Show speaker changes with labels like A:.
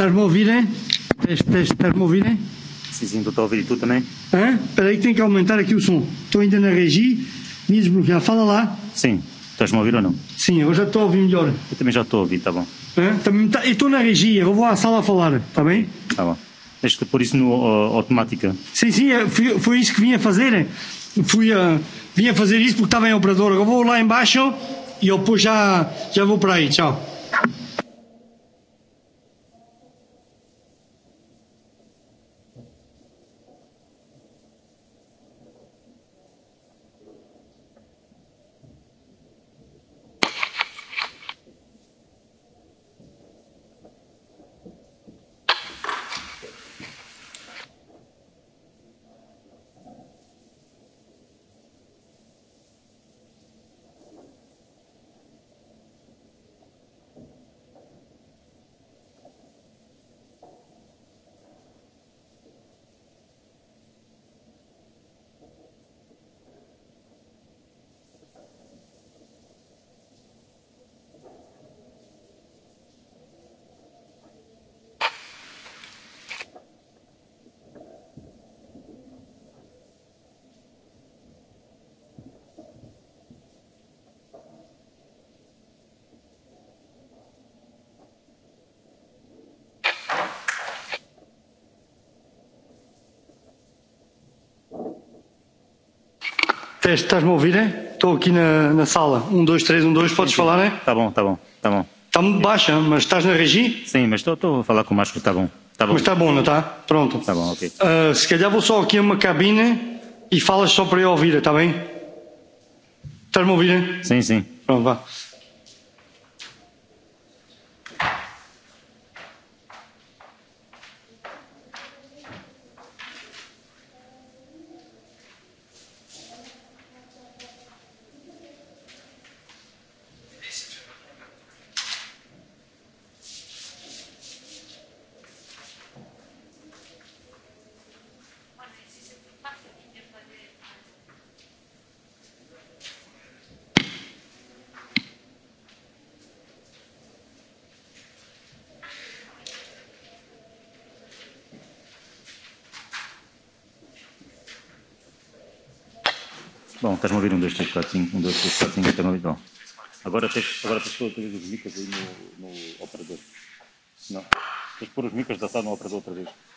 A: Estás-me a ouvir, é? Estás-me a ouvir, é? Sim, sim, estou a ouvir. Tu também? Hã? Espera aí que tenho que aumentar aqui o som. Estou ainda na regi. Me desbloquear. Fala lá. Sim. Estás-me a ouvir ou não? Sim, agora já estou a ouvir melhor. Eu também já estou a ouvir, está bom. Hã? Também tá... Eu estou na regi. Eu vou à sala a falar. Está bem? Está bom. Deixa te pôr isso no uh, automática. Sim, sim. Foi, foi isso que vim a fazer. Fui a... Vim a fazer isso porque estava em operador. Eu vou lá embaixo e depois já, já vou para aí. Tchau. Estás-me a ouvir, é? Estou aqui na, na sala. Um, dois, três, um, dois, podes sim, falar, sim. é? Está bom, está bom, está bom. Está baixa, mas estás na regi? Sim, mas estou a falar com o Márcio, está bom. Tá bom. Mas está bom, não está? Pronto. Está bom, ok. Uh, se calhar vou só aqui a uma cabine e falas só para eu ouvir, está bem? Estás-me a ouvir, é? Sim, sim. Pronto, vá. estás-me a ouvir um, dois, três, quatro, cinco, um, dois, três, quatro, cinco, estás-me a ouvir? Bom, agora tens, agora tens que pôr os micros aí no, no operador. Não, tens que pôr os micros da no operador outra vez.